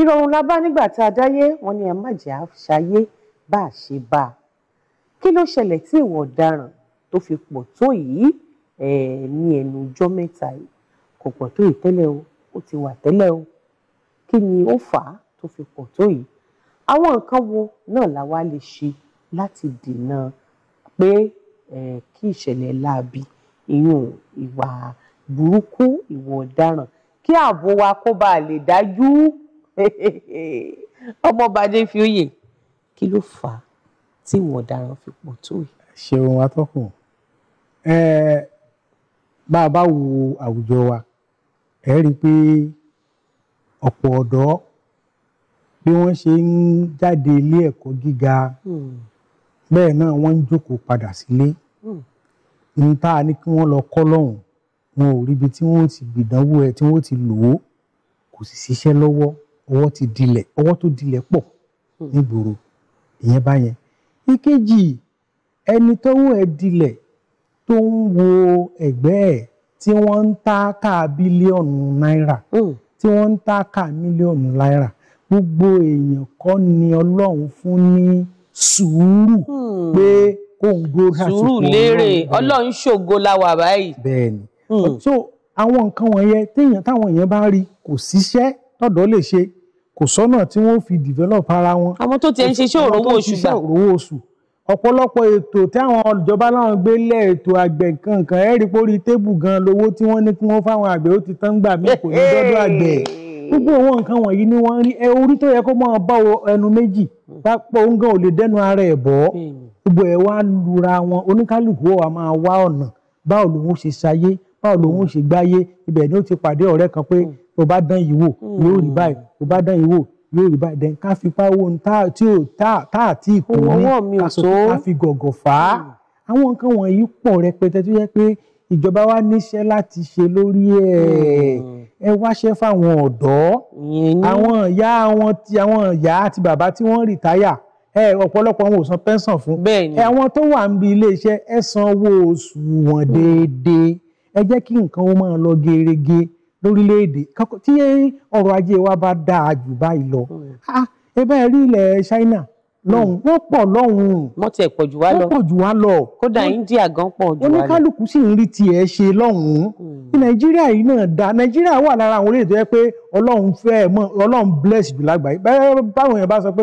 ìrọ̀rùn la bá nígbà tá a dáyé wọn ni ẹ má jẹ́ àṣàyé bá a ṣe bá a kí ló ṣẹlẹ̀ tí ìwà ọ̀daràn tó fi pọ̀ tó yìí ní ẹnu ọjọ́ mẹ́ta yìí kò pọ̀ tó yìí tẹ́lẹ̀ o ó ti wà tẹ́lẹ̀ o kí ni ó fà á tó fi pọ̀ tó yìí àwọn nǹkan wo náà la wá lè ṣe láti dènà pé kí ìṣẹ̀lẹ̀ láabi ìyún ìwà burúkú ìwà ọ̀daràn kí ààbò wa kó bàa lè dájú. ọmọọba Adéfioyè kí ló fà á tí ìwọ̀n ọ̀daràn fi pọ̀ tó yìí. ṣeun atọ́kùn bá a bá wo àwùjọ wa ẹ rí i pé ọ̀pọ̀ ọ̀dọ́ bí wọ́n ṣe ń jáde ilé ẹ̀kọ́ gíga hmm. bẹ́ẹ̀ náà wọ́n ń jókòó padà sílé hmm. ní tá a ní kí wọ́n lọ kọ́ lọ́hùn-ún wọn ò ríbi tí wọ́n ti gbìdánwò ẹ̀ tí wọ́n ti lò ó kò sì ṣiṣẹ́ lọ́wọ́ ọwọ́ ti dilẹ̀ ọwọ́ tó dilẹ̀ pọ̀ hmm. nígboro ìyẹn bá yẹn ìkejì ẹni tọ́wọ́ ẹ̀ dilẹ̀ tó ń wo ẹ̀gbẹ́ ẹ̀ tí wọ́n ń ta ká bílíọ̀nù náírà hmm. tí wọ́n ń ta ká mílíọ̀nù náírà gbogbo èèyàn kọ́ ni ọlọ́run fún ní sùúrù hmm. pé kóun gbó lásìkò sùúrù lérè ọlọ́run ṣògo láwa báyìí. bẹ́ẹ̀ni so àwọn nǹkan wọ̀nyẹn téèyàn táwọn èèyàn bá rí kò síṣẹ́ ọ̀dọ́ lè ṣe kò sọ́nà tí wọ́n fi develop ara wọn. àwọn tó ti ń ṣiṣẹ́ òrówó oṣù gbà òrówó oṣù ọ̀pọ̀lọpọ̀ ètò tí àwọn ìjọba láwọn gbé lé ètò àgbẹ̀ kankan ẹ̀ rí pórí tébù gan lówó tí wọ́n ní kí wọ́n fáwọn àgbẹ̀ ó ti tán gbà mí kò ní dọ́dọ̀ àgbẹ̀ gbogbo àwọn nǹkan wọ̀nyí ni wọ́n rí ẹ orí tó yẹ kó máa bá ẹnu méjì pápọ̀ oúnjẹ ò lè dẹ́nu ara ẹ̀ bọ́ gbogbo ẹ̀ wá lura wọn oníkálukú ọ̀ máa wá ọ̀nà báwo lòun ṣe ṣayé báwo lòun ṣe gbáyé ibẹ̀ ni ó ti pàdé ọ̀rẹ́ kan pé hmm o bá dán yìí wò yóò rí hmm. báyìí tó bá dán yìí wò yóò rí báyìí then ká fi pawó tí ò tá àti ìkò ní ká sọ pé ká fi gọ̀gọ̀ fà á hmm. àwọn nǹkan wọ̀nyí pọ̀ rẹpẹtẹ tó yẹ pé ìjọba wa níṣẹ́ láti ṣe lórí ẹ̀ hmm. ẹ wáṣẹ́ fáwọn ọ̀dọ́ àwọn ìyá wọn ti àwọn ìyá àti bàbá tí wọ́n rìtáyà ẹ ọ̀pọ̀lọpọ̀ wọn ò san pension fún bẹ́ẹ̀ni àwọn tó wà níbi iléeṣẹ́ ẹ san owó oṣù wọn déédéé ẹ jẹ́ kí nǹkan ó máa lọ gerege lórílẹ̀‐èdè tí ọrọ̀ ajé wa bá dáa jù báyìí lọ hmm. ẹ bá rí ilẹ̀ China hmm. lọ́hùn wọ́n pọ̀ lọ́hùn. wọ́n tiẹ̀ pọ̀ jù wá lọ wọ́n pọ̀ jù wá lọ. kódà India gan pọ̀ jù wá lọ. oníkálukú sì ń rí tiẹ̀ ṣe lọ́hùn. Hmm. ní Nàìjíríà yìí náà dá Nàìjíríà wà lára àwọn orílẹ̀-èdè tó yẹ pé Ọlọ́run fẹ́ mọ́ Ọlọ́run bless jù lágbàáyé báwọn èèyàn bá sọ pé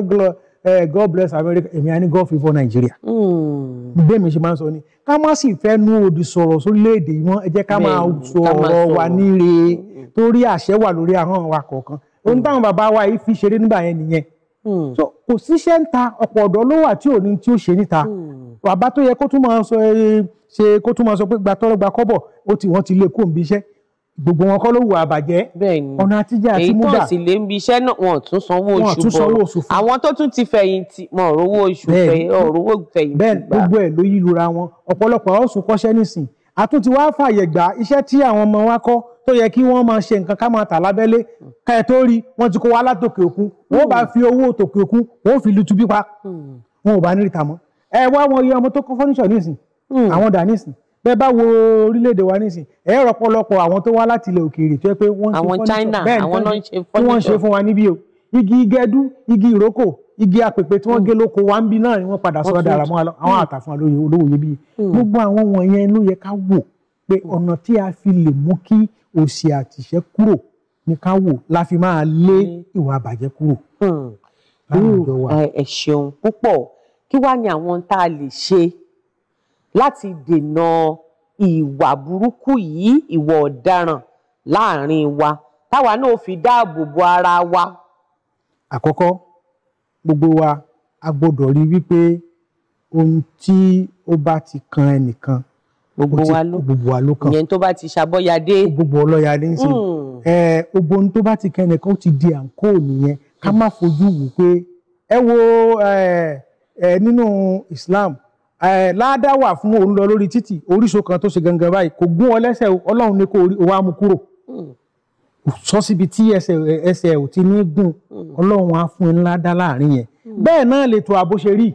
eh, God bless America èmi á ní God favour Nigeria. Hmm. bẹ́ẹ̀ mi ṣe máa ń sọ ni ká má sì fẹ́ nu òdì sọ̀rọ̀ sórílẹ̀-èdè yìí wọ́n ẹ jẹ́ ká máa sọ̀rọ̀ wa níre torí àṣẹ wà lórí ahọ́n wa kọ̀ọ̀kan ohun hmm. táwọn bàbá wa yìí fi ṣeré nígbà yẹn nìyẹn hmm. so kò síṣẹ́ ń ta ọ̀pọ̀ ọ̀dọ́ ló wà tí ò ní tí ó ṣe níta bàbá tó yẹ kó tún máa sọ eh, ṣe kó pé gba tọ́rọ́ kọ́bọ̀ ó ti wọ́n ti lé kó ń bí iṣẹ́ gbogbo wọn kọ́ ló wù àbàjẹ́ ọ̀nà àtijọ́ àti múdà èyí tó sì lé ń bi iṣẹ́ náà wọn tún sanwó oṣù bọ̀ àwọn tó tún ti fẹ̀yìntì wọn ò rówó oṣù òrówó fẹ̀yìntì gbà bẹ́ẹ̀ gbogbo ẹ̀ ló yílura wọn ọ̀pọ̀lọpọ̀ ọ̀sùn kọ́ṣẹ́ nísìn àtúntí wàá fààyè gbà iṣẹ́ tí àwọn ọmọ wa kọ́ tó yẹ kí wọ́n máa ṣe nǹkan ká máa tà lábẹ́lé ká ẹ tó rí wọ́n ti kó wa látòkè òkun wọ́n bá fi owó tòkè òkun wọ́n fi bẹ́ẹ̀ bá wo orílẹ̀-èdè wa nísìn ẹ̀ rọ pọ̀lọpọ̀ àwọn tó wá láti ilẹ̀ òkèèrè tó yẹ pé wọ́n ṣe fọ́nìṣọ̀ bẹ́ẹ̀ ni wọ́n ṣe fún wa níbí o igi igẹdú igi ìrókò igi apèpè tí wọ́n mm. gé lóko wa ń bí náà ni wọ́n padà sọ dára mọ́ àwọn mm. àtàfún olówó iyebíye mm. gbogbo àwọn wọ̀nyẹn ló yẹ ká wò pé ọ̀nà tí a fi lè mú kí òṣì àtìṣẹ́ kúrò ní ká wò la fi máa lé ìwà àbàjẹ́ kúrò. ẹ ṣeun púpọ̀ kí wàá ní àwọn tá a lè ṣe láti dènà ìwà burúkú yìí ìwà ọ̀daràn láàrin wa táwa náà fi dáàbò bo ara wa. àkọ́kọ́ gbogbo wa a gbọ́dọ̀ rí wípé ohun tí ó bá ti kan ẹnìkan gbogbo wa ló gbogbo wa ló kan ìyẹn tó bá ti ṣàbọ̀yadé gbogbo ọlọ́yadé ń sìn hmm. ẹ gbogbo ohun tó bá ti kan ẹnìkan ó ti di àǹkó nìyẹn ká má fojú wò pé ẹ wo ẹ nínú Islam láàdá wà fún òun lọ lórí títì orísun kan tó ṣe gangan báyìí kò gún ọ lẹ́sẹ̀ ọlọ́run ní kó wá mú kúrò hmm. sọ síbi tí ẹsẹ̀ ẹsẹ̀ ò ti ní gùn hmm. ọlọ́run á fún ẹ láàdá láàrin yẹn hmm. bẹ́ẹ̀ náà lètò ààbò ṣe rí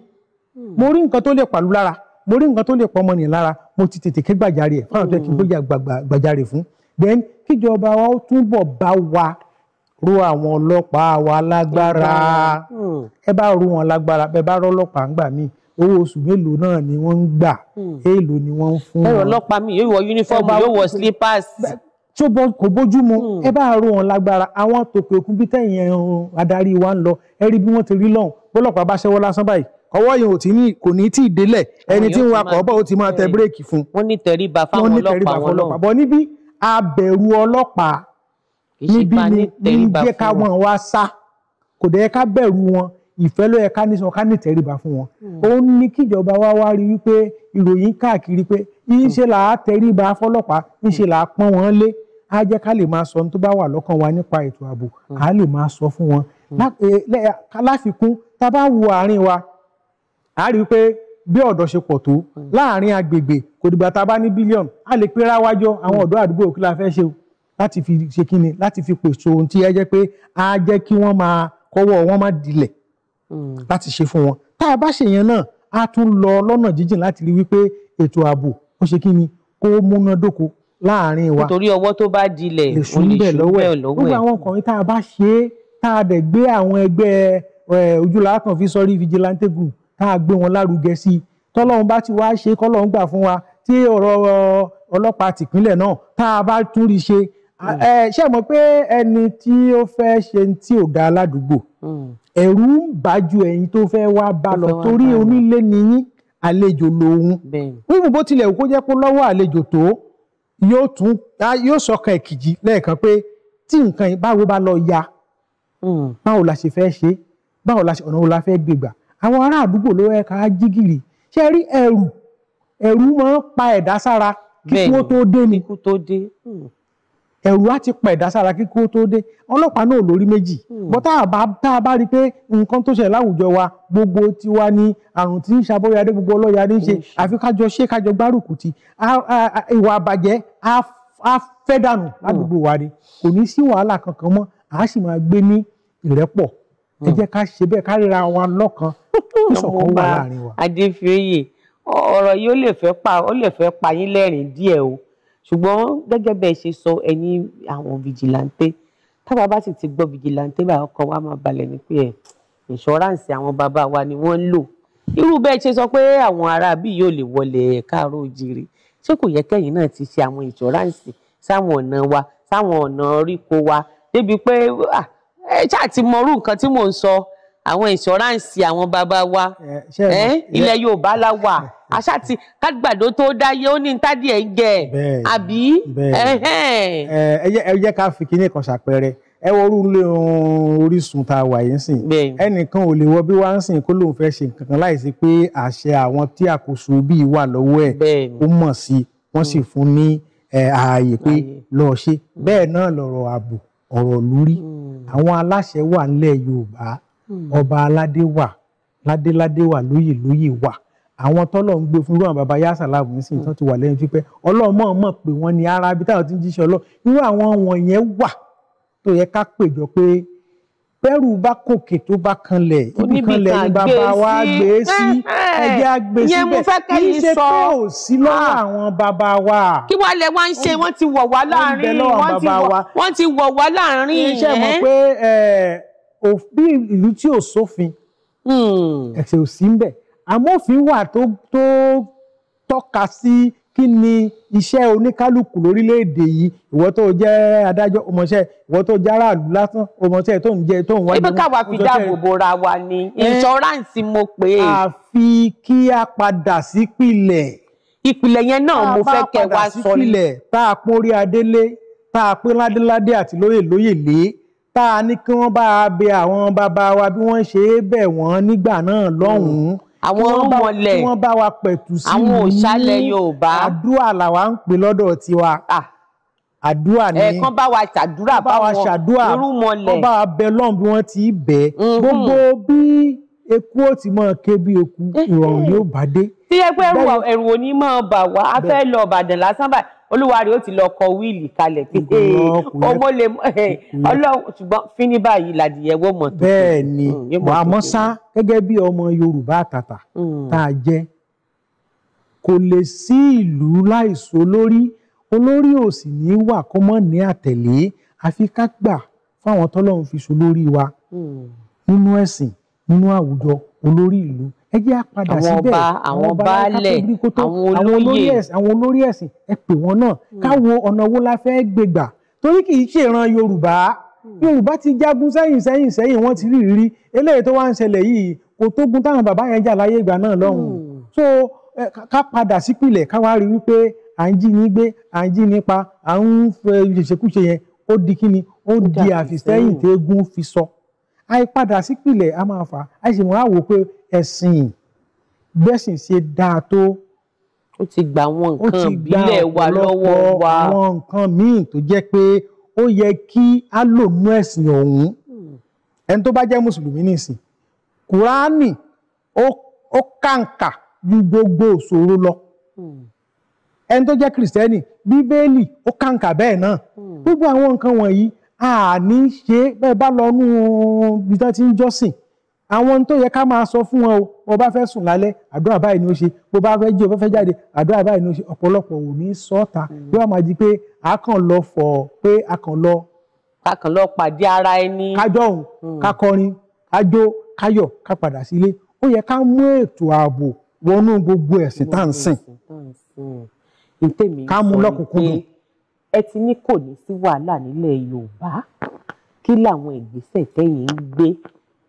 mo rí nǹkan tó lè pàlú lára mo rí nǹkan tó lè pọ̀ ọmọnìyàn lára mo ti tètè ké gbàjarè ẹ̀ fáwọn tó kí n gbójà gbàjarè fún then kíjọba wa ó túbọ̀ bá wa ro àwọn ọlọ́pàá wa lágbára ẹ bá ro wọn lágbára bẹ́ẹ̀ bá rọ́ ọlọ́pàá ń míì owó oṣù mélòó náà ni wọ́n ń gbà èèlò hmm. ni wọ́n ń fún wọn. ẹ̀rọ ọlọ́pàá mi yóò wọ yúnífọ́ọ̀mù yóò wọ slippers. tó bọ kò bójú mu hmm. ẹ bá ro wọn lágbára àwọn tòkè òkun bí tẹ̀yìn ẹ̀hún adarí wa ń lọ ẹ rí bí wọ́n ti rí lọ́hùn bọ́lọ́pàá bá ṣẹ́wọ́ lásán báyìí ọwọ́ yẹn ò tí ní kò ní tí ì délẹ̀ ẹni tí ń wakọ̀ ọ̀bọ̀ ó ti máa tẹ hmm. bírèkì fún. wọ́n ní tẹríba fáwọn ọlọ́pàá wọn ìfẹ́ ló yẹ ká ní sọ ká ní tẹríba fún wọn hmm. ó ní kíjọba wa wá rí wípé ìròyìn káàkiri pé ńṣe hmm. là á tẹríba fọ́lọ́pàá ńṣe là á pọ́n wọn lé á jẹ́ ká lè máa sọ ohun tó bá wà lọ́kàn wa nípa ètò ààbò á hmm. lè máa sọ fún wọn eh, láfikún tá a bá wo àárín wa á rí pé bí ọ̀dọ́ ṣe pọ̀ tó láàrin agbègbè kò dìgbà tá a bá ní bílíọ̀nù a lè pera wájọ àwọn ọ̀dọ́ àdúgbò kí la fẹ́ ṣe o láti fi ṣe kí ni láti fi pèsè ohun tí ẹ jẹ́ pé á jẹ́ kí wọ́n máa kọ́wọ́ wọn má dilẹ̀ Hmm. láti ṣe fún wọn tá a bá ṣe yẹn náà a tún lọ lọ́nà jíjìn láti rí wípé ètò ààbò ó ṣe kí ni kó múnádóko láàrin wa nítorí ọwọ́ tó bá o lè sùn bẹ̀ lọ́wọ́ ẹ̀ gbogbo àwọn ọkùnrin tá a bá ṣe é tá a dẹ̀ gbé àwọn ẹgbẹ́ ojúlàákàn fi sọrí vigilante group tá a gbé wọn lárugẹ sí i tọ́lọ́run bá ti wá ṣe kọ́lọ́run gbà fún wa tí ọ̀rọ̀ ọlọ́pàá tìpínlẹ̀ náà tá a bá tún rí ṣe hmm. ṣe mọ̀ pé ẹni tí ó fẹ́ ṣe ti ò dá aládùúgbò hmm ẹ̀rù ń bájú ẹ̀yin tó fẹ́ wá bá lọ torí onílé ni yín àlejò lòun wíwù bó tilẹ̀ kó jẹ́ pé lọ́wọ́ àlejò tó yóò tún yóò sọkàn ẹ̀kìjì lẹ́ẹ̀kan pé tí nǹkan báwo bá lọ ya hmm. báwo la ṣe fẹ́ ṣe báwo la ṣe ọ̀nà wo la fẹ́ gbégbà àwọn ará àdúgbò ló yẹ ká jí ṣe rí ẹ̀rù ẹ̀rù máa ń pa ẹ̀dá sára kí kú tó dé ni. Hmm ẹ̀rù á ti pa ẹ̀dá sára kí kó tó dé ọlọ́pàá náà lórí méjì hmm. bọ́ tá a bá rí pé nǹkan tó ṣẹlẹ̀ láwùjọ wa gbogbo tiwa ni àrùn tí ń ṣàbọ̀yà dé gbogbo ọlọ́yà ní ṣe àfi kájọ ṣe kájọ gbárùkù ti ìwà àbàjẹ́ á fẹ́ dànù hmm. ládùúgbò wa ni kò ní sí wàhálà kankan mọ́ àá sì máa gbé ní ìrẹ́pọ̀ ẹ hmm. jẹ́ ká ṣe bẹ́ẹ̀ ká ríra wa lọ́kan kí ṣọ̀kan wà láàrin wa. ọmọ ọba adéfioyè ọ̀rọ̀ yìí ó lè fẹ́ pa yín lẹ́rìn díẹ̀ o ṣùgbọ́n gẹ́gẹ́ bẹ́ẹ̀ ṣe sọ ẹni àwọn vigilante táwa bá sì ti gbọ́ fìjìláńtẹ́ bá ọkọ̀ wa máa balẹ̀ ní pé ẹ̀ ìṣọ́ráǹsì àwọn bàbá wa ni wọ́n ń lò irú bẹ́ẹ̀ ṣe sọ pé àwọn aráabí yóò lè wọlé káàárọ̀ oòjíire ṣé kò yẹ kẹ́yìn náà ti ṣe àwọn ìṣọ́ráǹsì sáwọn ọ̀nà wa sáwọn ọ̀nà oríko wa débi pé ẹ ṣáà ti mọrú nǹkan tí mò ń sọ àwọn ìṣọ́ráǹsì àwọn bàbá wa ilẹ̀ Yorùbá la wà. àṣà ti kágbàdo tó dáyé ó ní ntádìí ẹ̀ ń jẹ àbí. ẹ jẹ́ ká fi kinní kan ṣàpẹẹrẹ ẹ wọ orú lé Orísun tá a wà yìí sìn ẹnìkan ò lè wọ bí wàá sìn kó lóun fẹ́ ṣe nǹkan kan láì sí pé àṣẹ àwọn tí àkóso bíi wà lọ́wọ́ ẹ̀ ó mọ̀ sí wọ́n sì hmm. fún ní ààyè pé lọ́ọ́ ṣe hmm. bẹ́ẹ̀ náà lọ̀rọ̀ ààbò ọ̀rọ̀ lórí hmm. àwọn aláṣẹ wà nílẹ̀ Yorùbá ọba aládé wà ládéládé wà lóyè lóyè wà àwọn tọ́lọ̀ ń gbé fún irú àwọn baba yasa láàbù nísìnyí tán ti wà lẹ́yìn pípẹ́ ọlọ́run mọ̀ mọ̀ pé wọ́n ní ara bí táwọn ti ń jíṣẹ́ ọlọ́ irú àwọn wọ̀nyẹn wà tó yẹ ká péjọ pé bẹ́rù bá kòkè tó bá kanlẹ̀ ibi kanlẹ̀ ni bàbá wa gbé sí ẹjẹ́ àgbè síbẹ̀ kì í ṣe pé ò sí lọ́wọ́ ah! àwọn bàbá wa. kí wàá lẹ wá ń ṣe wọ́n ti wọ̀ wá láàrin wọ́n ti wọ̀ wá láàrin yẹn. iṣẹ́ mọ̀ pé bí ìlú tí ò sófin hmm. ẹ̀sẹ̀ ò sí ń bẹ̀ amófin wà tó tó tọ́ka sí kí ni iṣẹ́ oníkálukú lórílẹ̀‐èdè yìí ìwọ tó jẹ́ adájọ́ ọmọọṣẹ́ ìwọ tó jẹ́ aráàlú lásán ọmọọṣẹ́ tó ń jẹ tó ń wáyé. ibi káwa fi dáàbò bora wa ni eh, insurance mo pè é. àfi kí a padà sípìlẹ̀. ìpìlẹ̀ yẹn náà mo fẹ́ kẹ́ wa sọ ni. tá a pín orí adélé tá a pín ládéládé àti lóyè lóyè lé tá a ní kí wọ́n bá a bẹ àwọn bàbá wa bí wọ́n ṣe é bẹ̀ wọ́n nígbà náà lọ́hùn-ún àwọn olúmọlẹ̀ tí wọ́n bá wa pẹ̀tù sí i àwọn òṣàlẹ̀ Yorùbá àdúrà làwa ń pè lọ́dọ̀ tiwa àdúrà ni ẹ̀ẹ̀kan bá wa ṣàdúrà bá wọn ṣàdúrà olúmọlẹ̀ wọ́n bá wa bẹ lọ́n bí wọ́n ti bẹ̀ mhm. gbogbo bí eku ó ti máa ké bí eku eh, ìrọ̀rùn yóò eh. bá dé. tí ẹgbẹ́ ẹrù òní máa bà wá a fẹ́ lọ Ìbàdàn lásán báyìí olúwa rẹ̀ ó ti lọ kọ wíìlì kalẹ̀ pé ọmọ lè ọlọ́run ṣùgbọ́n fíní báyìí làdìyẹ wọ́n mọ̀ tó. bẹ́ẹ̀ ni àmọ́ ṣá gẹ́gẹ́ bí ọmọ yorùbá àtàtà mm. tá a jẹ́ kò lè sí ìlú láìsí olórí olórí ò sì ní wà kọ́mọ́ ní àtẹ̀lé àfi ká gbà fáwọn tọ́lọ́run fi ṣolórí wa mm. nínú ẹ̀sìn nínú àwùjọ olórí ìlú ẹ jẹ́ àpadà síbẹ̀ àwọn baálẹ̀ àwọn olóyè àwọn olórí ẹ̀sìn ẹ pè wọ́n náà hmm. káwo ọ̀nà wo la fẹ́ gbégbà torí kì í ṣèran yorùbá hmm. yorùbá ti jagun sẹ́yìn sẹ́yìn sẹ́yìn wọ́n ti rí rírí eléyìí tó wá ń ṣẹlẹ̀ yìí kò tógun táwọn bàbá yẹn jà láyé ìgbà náà lọ́hùn-ún hmm. so ká padà sípìlẹ̀ ká wá rí wípé à ń jí ní gbé à ń jí nípa à ń ṣèṣekúṣe yẹn ó di kíni ó di àfìsẹ́yìn tẹ́gùn fi sọ àìpadà sípìlẹ̀ a máa fà á sì máa wò pé ẹ̀sìn bẹ́sìn ṣe dáa tó. ó ti gba àwọn nǹkan ìbílẹ̀ wa lọ́wọ́ wa. ó ti gba àwọn nǹkan míì tó jẹ́ pé ó yẹ kí á lò nú ẹ̀sìn ọ̀hún hmm. ẹni tó bá jẹ́ mùsùlùmí nìsín kùránì ó kàǹkà ju gbogbo òṣòro lọ hmm. ẹni tó jẹ́ kìrìsìtẹ́nì bíbélì ó kàǹkà bẹ́ẹ̀ náà hmm. gbogbo àwọn nǹkan wọ̀nyí àní ṣe bẹ́ẹ̀ bá lọ nú ibi tán ti ń jọ́sìn àwọn tó yẹ ká máa sọ fún wọn o bó bá fẹ́ sùn lálẹ́ àdúrà báyìí ni ó ṣe bó bá fẹ́ jí o bá fẹ́ jáde àdúrà báyìí ni ó ṣe ọ̀pọ̀lọpọ̀ ò ní sọ́ọ̀ta bí hmm. wọ́n máa di pé a kàn lọ fọ̀ pé a kàn lọ. a kàn lọ pàdé ara ẹni. ká jọ̀hún hmm. ká kọrin ká jó ká yọ̀ ká padà sílé ó yẹ ká mú ètò ààbò wọnú gbogbo ẹ̀sìn tá à ń sìn. ká mú lọ́kùnkúndùn ẹ ti ní kò ní sí wàhálà nílẹ̀ yorùbá kí làwọn ìgbésẹ̀ tẹ̀yìn ń gbé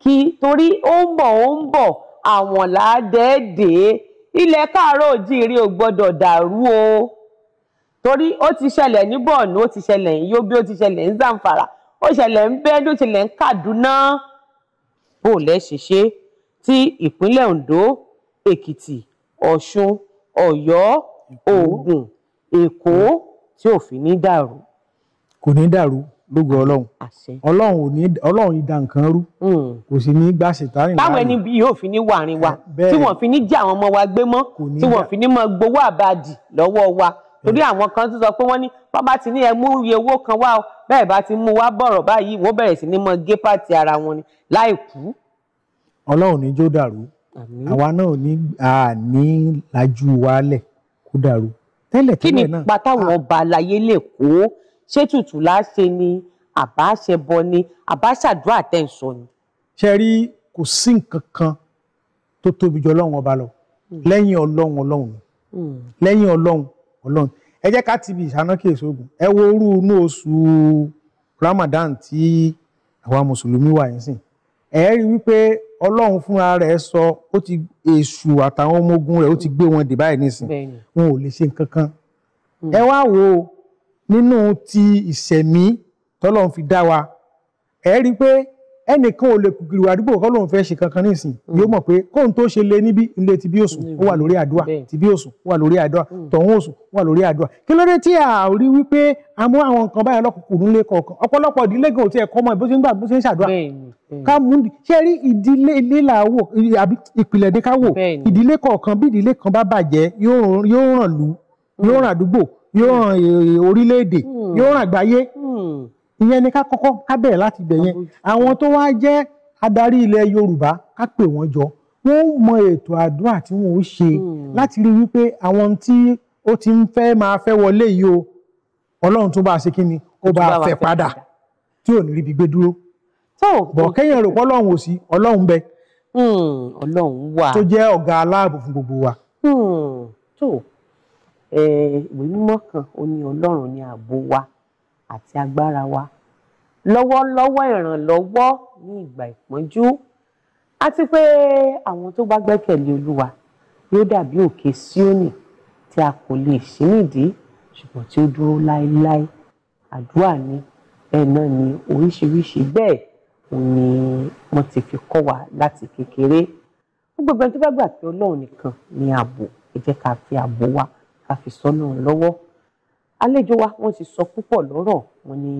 kí torí ó ń bọ̀ ó ń bọ̀ àwọn làádẹ́ẹ̀dẹ́ ilẹ̀ káàárọ̀ òjíire ò gbọ́dọ̀ dàrú o torí ó ti ṣẹlẹ̀ ní bọ̀ọ̀nù ó ti ṣẹlẹ̀ ní yóbí ó ti ṣẹlẹ̀ ní zamfara ó ṣẹlẹ̀ ń bẹ́ẹ́dù ó ṣẹlẹ̀ ń kaduna bó lẹ́ ṣe ṣe tí ìpínlẹ̀ ondo èkìtì ọ̀ṣun ọ̀yọ́ ògùn èkó. Mm -hmm tí ò fi ní dàrú. kò ní dàrú lógo ọlọ́run ọlọ́run ò ní ọlọ́run ìdá nǹkan rú hmm. kò sì ní gbà ṣètárì láàrin. báwo ẹni yóò fi ní wàrin wa tí wọ́n fi ní jẹ́ àwọn ọmọ wa gbé mọ́ tí wọ́n fi ní mọ gbowó àbàdì lọ́wọ́ wa torí àwọn kan tó sọ pé wọ́n ní bàbá ti ní ẹ mú iye owó kan wá bẹ́ẹ̀ bá ti mú wá bọ̀rọ̀ báyìí wọ́n bẹ̀rẹ̀ sí ní mọ gé pàtì ara wọn ni láì kú. ọlọ́run ní jó dàrú àwa náà ní àní lajú wálẹ̀ kó dàrú tẹ́lẹ̀ tẹ́lẹ̀ náà kí ni pátáwọn ah. ọba àlàyé lè kó ṣé tùtù láṣẹ ni àbáṣẹbọ ni àbáṣàdúrà tẹ̀sán ni. ṣe rí kò sí nǹkan kan tó tóbi jọ ọlọ́run ọba lọ hmm. lẹ́yìn ọlọ́run ọlọ́run hmm. lẹ́yìn ọlọ́run ọlọ́run ẹ jẹ́ ká ti bi ìṣánákè sógun ẹ wo orú inú oṣù Ramadan tí àwa mùsùlùmí wà yín sìn ẹ rí wípé ọlọ́run fúnra rẹ̀ sọ ó ti èṣù àtàwọn ọmọ ogun rẹ̀ ó ti gbé wọn dè báyìí nísìn wọn ò lè ṣe nǹkan kan hmm. ẹ wá wo nínú ti ìṣẹ̀mí tọ́lọ́run fi dá wa ẹ rí i pé ẹnìkan ò lè kùkìrì àdúgbò kọ́ lóun fẹ́ ṣe kankan nísìn yóò hmm. mọ̀ pé kóun tó ṣe lé níbi ilé ti bí òsùn ó wà lórí àdúrà ti bí òsùn ó wà lórí àdúrà hmm. tọ̀hún òsùn ó wà lórí àdúrà kí ló dé tí a rí wípé a mú àwọn nǹkan báyọ̀ lọ́kùnkùn nílé kọ̀ọ̀kan ọ̀pọ̀lọpọ̀ ìdílé gan òtí ẹ̀kọ́ ọmọ ìbó ṣe ń gbà bó ṣe ń ṣàdúrà ká mú ṣe rí ìdílé ìyẹn ni ká kọ́kọ́ ká bẹ̀rẹ̀ láti ibẹ̀ yẹn àwọn tó wá jẹ́ adarí ilẹ̀ Yorùbá ká pè wọ́n jọ wọ́n mọ ètò àdúrà tí wọ́n ó ṣe hmm. láti rí wípé àwọn tí ó ti ń fẹ́ máa fẹ́ wọlé yìí o Ọlọ́run tó bá a ṣe kí ni ó bá a fẹ́ padà tí ò ní ríbi gbé dúró bọ̀ hmm. kẹ́yìn rò pé Ọlọ́run ò sí Ọlọ́run bẹ hmm, Ọlọ́run wà tó jẹ́ ọ̀gá aláàbò fún gbogbo wa. tó eh, ìwé mímọ́ kan ó ní Ọlọ́run ní ààbò wa àti agbára wa lọ́wọ́lọ́wọ́ ìrànlọ́wọ́ ní ìgbà ìpọ́njú àti pé àwọn tó bá gbẹ́kẹ̀lé olúwa yóò dàbí òkè síónì tí a kò lè ṣí nídìí ṣùgbọ́n tí ó dúró láéláé àdúrà ni bẹ́ẹ̀ náà ni oríṣiríṣi bẹ́ẹ̀ òun ni wọ́n ti fi kọ́ wa láti kékeré gbogbo ẹni tó bá gbà pé ọlọ́run nìkan ni ààbò ẹ jẹ́ ká fi ààbò wa ká fi sọ́nà lọ́wọ́ àlejò wa wọ́n ti sọ púpọ̀ lọ́rọ̀ wọn ní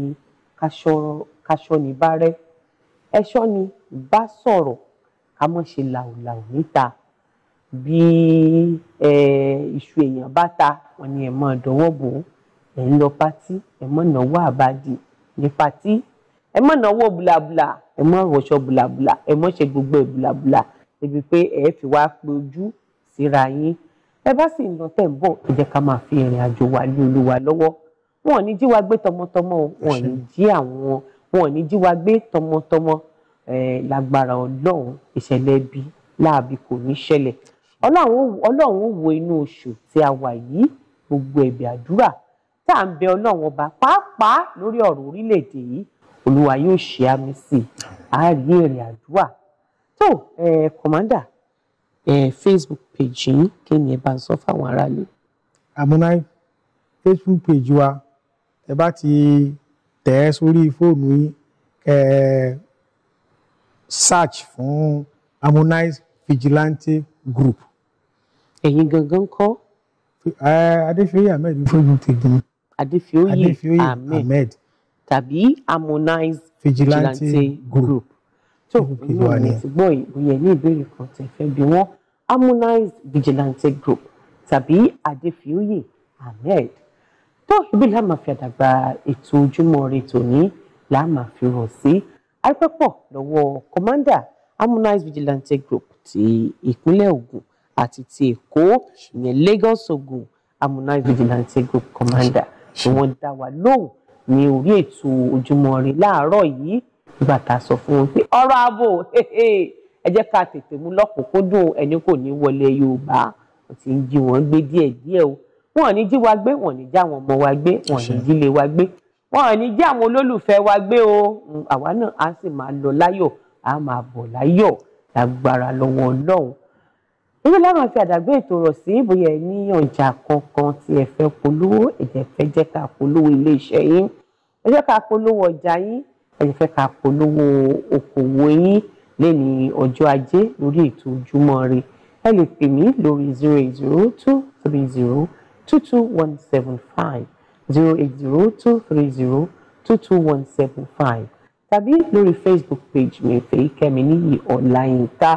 kaṣọ ní bárẹ́ ẹṣọ́ ni bá sọ̀rọ̀ ká mọ̀ ṣe làwùlàwù níta bí iṣu èèyàn bá ta wọn ni ẹ̀ mọ́ dọ́wọ́ bò ó ẹ̀ ń lọ pátí ẹ̀ mọ́ náwó àbájì ní pátí ẹ̀ mọ́ náwó bùlàbùlà ẹ̀ mọ́ wọṣọ bùlàbùlà ẹ̀ mọ́ ṣe gbogbo ẹ̀ bùlàbùlà débi pé ẹ̀ fi wá pé síra yín ẹ bá sì ń lọ tẹ̀ ń bọ̀ ẹ jẹ́ ká máa fi ìrìn àjò wa lé olúwa lọ́wọ́ wọn ò ní jí wa gbé tọmọtọmọ wọn ò ní jí àwọn wọn ò ní jí wa gbé tọmọtọmọ lágbára ọlọ́run ìṣẹ̀lẹ̀ bí láàbí kò ní ṣẹlẹ̀ ọlọ́run ó wo inú oṣù tí a wà yìí gbogbo ẹ̀bẹ̀ àdúrà tá à ń bẹ ọlọ́run ọba pàápàá lórí ọ̀rọ̀ orílẹ̀-èdè yìí olúwa yóò ṣe àmì sí i àárí èrè àdúrà tó kọ̀mọ́dà Facebook page yín kí ni ẹ bá sọ fáwọn aráàlú. àmúnáì Facebook page wa ẹ bá ti tẹ̀ ẹ́ sórí fóònù yín kẹ́ ẹ search fún Harmonize Vigilante Group. ẹ̀yin gangan kọ́. Adéfioyè Ahmed Facebook page mi. Adéfioyè Ahmed tàbí Harmonize Vigilante, Group. group tó ìlú ọ̀nà ti gbọ́ ìbòyẹ̀ ní ìbéèrè kan tẹ̀ fẹ́ bí wọ́n harmonized vigilante group tàbí adéfioyè ahmed tó ibi la máa fi àdàgbà ètò ojúmọ́ ire tòní la máa fi rọ̀ sí àìpẹ́pọ̀ lọ́wọ́ commander harmonized vigilante group ti ìpínlẹ̀ Ògùn àti ti Èkó ìyẹn Lagos Ògùn harmonized vigilante group commander ni wọ́n dá wa lóhùn ní orí ètò ojúmọ́ ire láàárọ̀ yìí nígbà tá sọ fún wọn pé ọ̀rọ̀ ààbò ẹ jẹ́ ká tètè mú lọ́kùnkúndùn ẹni kò ní wọlé yorùbá ó ti ń jí wọn gbé díẹ̀díẹ̀ o wọn ò ní jí wa gbé wọn ò ní já àwọn ọmọ wa gbé wọn ò ní jílé wa gbé wọn ò ní jí àwọn olólùfẹ́ wa gbé o àwa náà á sì máa lọ láyọ̀ á máa bọ̀ láyọ̀ lágbára lọ́wọ́ ọlọ́run èyí láwọn fi àdàgbé ètò rọ̀ sí bóyá ẹ ní ọjà kankan tí ẹ fẹ́ polówó ẹ̀jẹ̀ fẹ́ jẹ́ ká polówó iléeṣẹ́ yín ẹ ká polówó ọjà yín ẹ fẹ́ ká polówó okòwò yín lẹ́ni ọjọ́ ajé lórí ètò ojúmọ́ ire ẹ lè pè mí lórí zero eight zero two three zero two two one seven five zero eight zero two three zero two two one seven five tàbí lórí facebook page mi fèyíkẹ́mi níyì ọláyínká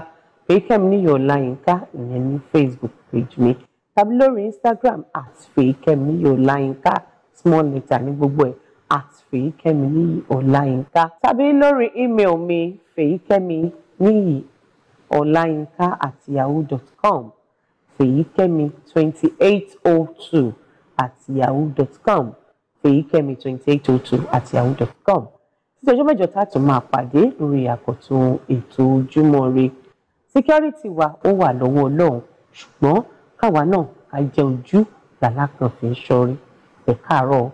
fèyíkẹ́mi níyì ọláyínká ìyẹn ní facebook page mi tàbí lórí instagram at fèyíkẹ́mi níyì ọláyínká small letter ní gbogbo ẹ̀ at fèyíkẹ́mi níyì ọláyínká tàbí lórí email mi fèyíkẹ́mi níyì ọláyínká at yahoo dot com fèyíkẹ́mi twenty eight oh two at yahoo dot com fèyíkẹ́mi twenty eight oh two at yahoo dot com títí ọjọ́ mẹ́jọ tá a tún máa pàdé lórí àkọ́tún ètò ojúmọ́ re síkẹ́rìtì wa ó wà lọ́wọ́ ọlọ́run ṣùgbọ́n káwa náà ká jẹ ojú làlákàn fi ń ṣọrí ẹ̀ka àárọ̀